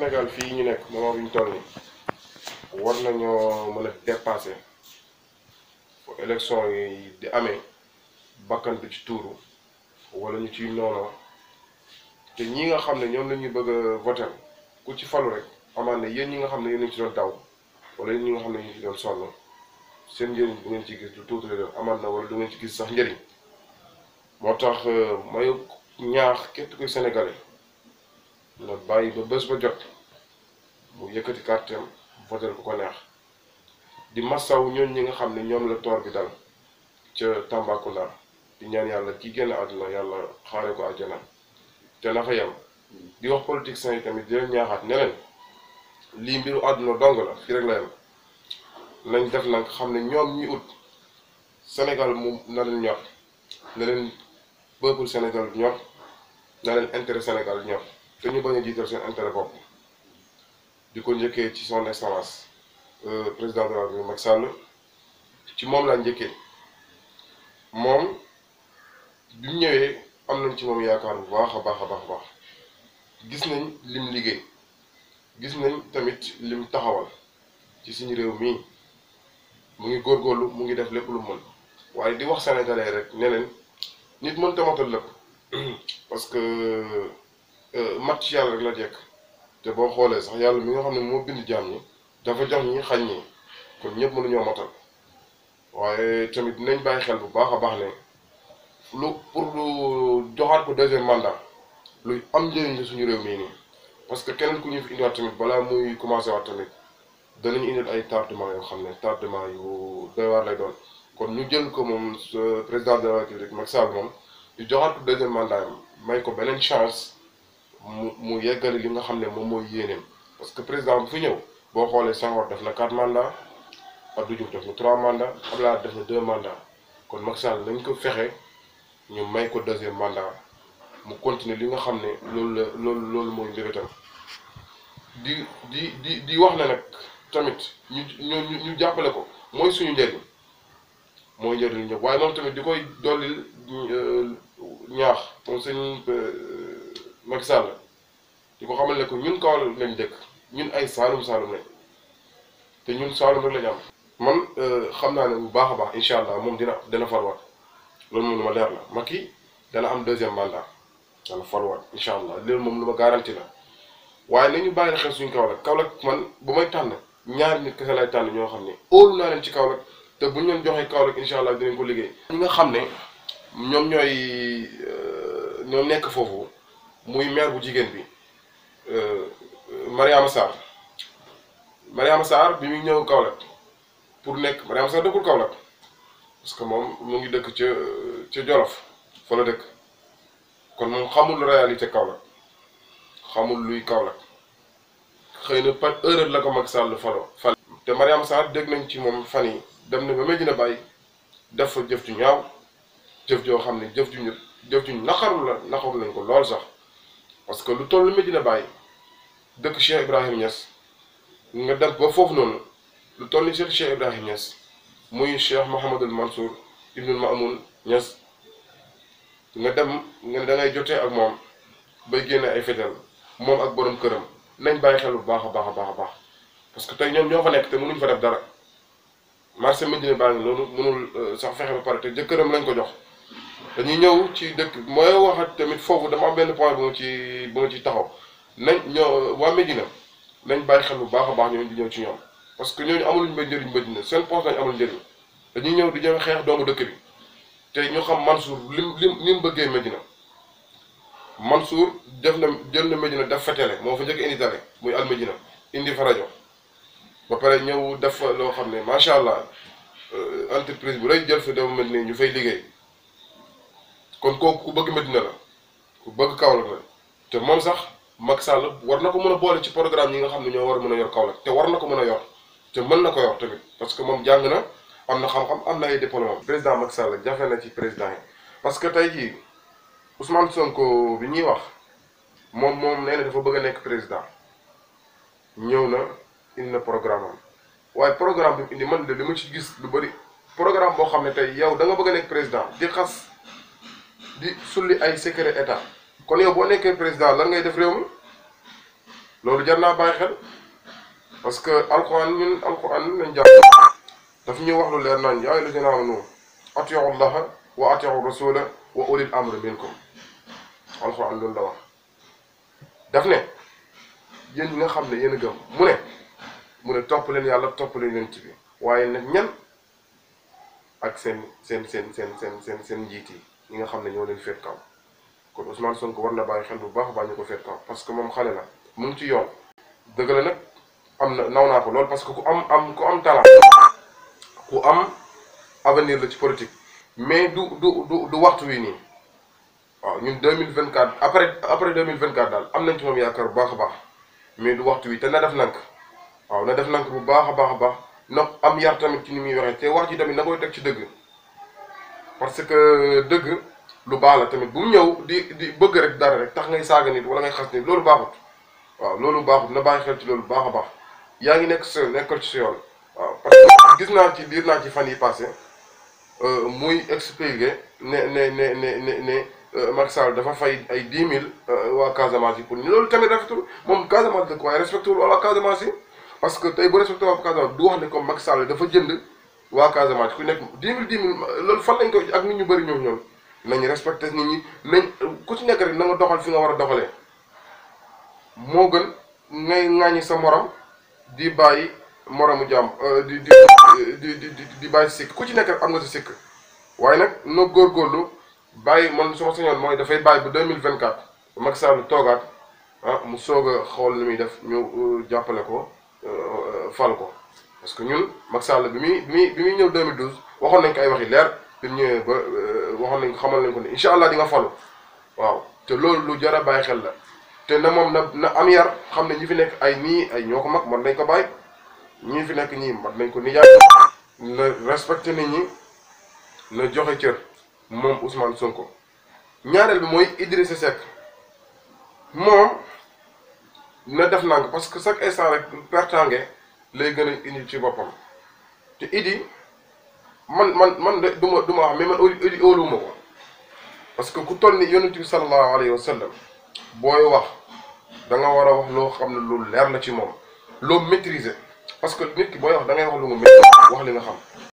Sénégal fii ñu nekk moment bi ñu toll nii war nañoo mën a dépasser pour yi di amee bakkan bi ci tuuru wala ñu ci noonoo te ñi nga xam ne ñoom la ñuy bëgg a voter ku ci falu rek amaan ne yéen ñi nga xam ne yéen ci doon daw wala yéen ñi nga xam ne ñu ci doon sonn seen njëriñ bu ngeen ci gis lu tuuti la amaan na wala du ngeen ci gis sax njëriñ moo tax euh, may ñaax képp kuy sénégalais. na bàyyi ba bés ba jot mu yëkkati kàrtam votel ko ko neex di massaw ñooñ ñi nga xam ne ñoom la toor bi dal ca Tambacounda di ñaan yàlla ki génn àdduna yàlla xaare ko àjjana te na fa yem di wax politique yi tamit di leen ñaaxaat ne leen lii mbiru àdduna dong la fi rek la yam lañ def lank nga xam ne ñoom ñi ut Sénégal mu na leen ñor na leen peuple Sénégal ñor na leen intérêt Sénégal ñor te ñu bañ a jiital seen intérêt di ko njëkkee ci son excellence euh, président de mag sànn ci moom laa njëkkee moom bi ñëwee am nañ ci moom yaakaar bu baax a baax a baax a baax gis nañ lim liggéey gis nañ tamit lim taxawal ci suñu réew mii mu ngi góorgóorlu mu ngi def lépp lu mën waaye di wax sénégalais rek ne leen nit mën ta matal parce que Euh, mat ci yàlla la jekk te boo xoolee sax yàlla mi nga xam ne moo bind jaam ñi dafa jox ñi xañ ñi kon ñëpp mënuñoo matal waaye tamit nañ bàyyi xel bu baax a baax ne lu pour lu joxaat ko deuxième mandat luy am njëriñ la suñu réew mii nii parce que keneen ku ñu fi indiwaat tamit balaa muy commencé waat tamit danañu indil ay tardement yoo xam ne tardement yu doy waar kon ñu jël ko moom euh, président de la république Macky Sall may ko beneen chance. mu mu yeggale li nga xam ne moom mooy yéeneem parce que président bu fi ñëw boo xoolee Senghor def na quatre mandats Abdou Diouf def na trois mandats Abdoulaye def na deux mandats kon Macky Sall lañ ko fexe ñu may ko deuxième mandat mu continuer li nga xam ne loolu la loolu loolu mooy mbébétam di di di di wax ne nag tamit ñu ñu ñu jàppale ko mooy suñu njëriñ mooy njëriñ ñëpp waaye moom tamit di koy dolli euh, ñaax moom sëñ euh, مكسال تبغى خامل لكو مين كول لين ديك مين اي سالم سالم لين تنين سالم لين جام من خامنا نو باخ باخ ان شاء الله موم دينا دينا فروات لون موم لير لا ماكي دانا ام دوزيام مالا دانا فروات ان شاء الله لير موم لما غارانتي لا واي لي نيو باير خاصو نكاو لك كاو لك مان بوماي تان ñaar nit kessa lay tan ñoo xamni oolu na len ci kaw rek te buñu len joxe kaw rek inshallah dinañ ko liggéey ñi nga xamne ñom ñoy euh, ñom nekk muy maire bu jigéen bi euh, Mariama Sarr Mariama Sarr bi ñuy ñëw Kaolack pour nekk Mariama Sarr dëkkul Kaolack parce que moom mu ngi dëkk ci ca Jolof fa la dëkk kon moom xamul réalité Kaolack xamul luy Kaolack xëy na par heure la ko Macky Sall falo te Mariama Sarr dégg nañ ci moom fan yi dem na ba Medina Baye def fa jëf ju ñaaw jëf joo xam ne jëf ju ñu jëf ju ñu naqarul la naqarul nañ ko loolu sax parce que lu toll Medina Baye dëkk Cheikh Ibrahim ñes nga dem ba foofu noonu lu toll ni seen Cheikh Ibrahim Niass muy Cheikh Mouhamadul Mansour Ibnul Maamoun Niass nga dem nga da ngay jotee ak moom ba génne ay fetal moom ak borom këram nañ bàyyi xel bu baax a baax a baax a baax parce que tey ñoom ñoo fa nekk te mënuñ fa def dara marché Medina Baye loolu mënul euh, sax fexe ba pare te jëkkëram lañ ko jox. dañuy ñëw ci dëkk mooy waxat tamit foofu dama benn point bu nga ci bu ci taxaw nañ ñoo waa Medina nañ bàyyi xel bu baax a baax ñooñu di ñëw ci parce que ñooñu amul njëriñ Medina seen poche lañ amul njëriñ dañuy ñëw di ñëw xeex doomu dëkk bi te ñu xam Mansour lim lim li mu bëggee Medina Mansour def na jël na Medina def fetele moo fa njëkk indi dale muy indi fa rajo ba pare ñëw def fa loo xam ne macha allah euh, entreprise bu rëy jël fa doomu Medina ñu fay liggéey. kon kooku ku bëgg Medina la ku bëgg Kaolack na te moom sax Macky Sall war na ko mën a boole ci programme yi nga xam ne ñoo war a mën a yor Kaolack te war na ko mën a yor te mën na ko yor tamit parce que moom jàng na am na xam-xam am na ay diplôme président Macky Sall jafe na ci président yi parce que tey jii Ousmane Sonko bi ñuy wax moom moom nee na dafa bëgg a nekk président ñëw na indi na programme am waaye programme bi indi man de li mu ci gis lu bëri programme boo xam ne tey yow da nga bëgg a nekk président di xas. di sulli ay secret état kon yow boo nekkee président lan ngay def réew mi loolu jar naa xel parce que alquran ñun alquran lañ jàpp daf ñuy wax lu leer naan yaa ayyuhallazina amanu atiu llaha wa atiu rasula wa ulil amri minkum alquran loolu la wax daf ne yéen ñi nga xam yéen gëm mu ne mu ne topp leen yàlla topp leen leen ci bi waaye nag ñan ak seen seen seen seen seen seen seen njiit ñi nga xam ñoo leen féet kon Ousmane Sonko war na bàyyi xel bu baax a ñu ko féet parce que mom xale la mu ngi ci yoon dëgg la nag am na naw naa ko lool parce que ku am am ku am talent ku am avenir la ci politique mais du du du du waxtu wi ni waaw ñun 2024 après après 2024 dal am nañ ci mom yaakar bu baax baax mais du waxtu wi te na def nank waaw na def nank bu baax baax baax nok am yar tamit ci ni mi waxe te wax ji tamit na koy tek ci deug parce que deug lu baax la tamit bu ñëw di di bëgg rek dara rek tax ngay saga nit wala ngay xass nit loolu baaxut waaw loolu baaxut na bàyyi xel ci loolu baax a baax yaa ngi nekk sa nekkal ci sa yoon waaw parce que gis naa ci liir naa ci fan yi passé muy expliqué ne ne ne ne ne ne Macky Sall dafa fay ay 10000 mille waa Casamance pour ni loolu tamit rafetul moom Casamance de quoi respecté wul waa Casamance parce que tey bu respecté waa Casamance du wax ne comme Macky Sall dafa jënd. waa Casamance ku nekk dix mille loolu fan lañ ko ak nit ñu bëri ñoom ñoom nañu respecté nit ñi nañ ku ci nekk rek na nga doxal fi nga war a doxalee moo gën ngay ŋàññi sa morom di bàyyi moroomu jàmm euh, di di di di di bàyyi sikk ku ci nekk rek am nga si sikk waaye nag no góorgóorlu bàyyi man su ma sañoon mooy dafay bàyyi ba deux mille vingt quatre Macky Sall toogaat ah mu soog a xool li muy def ñu euh, jàppale ko euh, fal ko. parce que ñun Macky Sall bi muy bi muy bi muy ñëw 2012 waxoon nañ ko ay waxi leer bi mu ñëwee ba euh, waxoon nañ ko xamal nañ ko ne incha allah di nga waaw te loolu lu jar a bàyyi la te na moom na na am yar xam ne ñi fi nekk ay nii ay ñoo ko mag mën nañ ko bàyyi ñii fi nekk ñii mën nañ ko nijaay na respecté nit ñi na joxe cër moom Ousmane ko ñaareel bi mooy Idrissa Seck moom na def nang parce que chaque instant rek lay gën a ci boppam te idi man man man de du ma du ma wax mais idi óoluwuma ko parce que ku toll ni yonent bi sallallahu alayhi wa sallam booy wax da nga war a wax loo xam ne lu leer la ci moom loo maîtriser parce que nit ki booy wax da ngay wax lu nga maîtriser wax li nga xam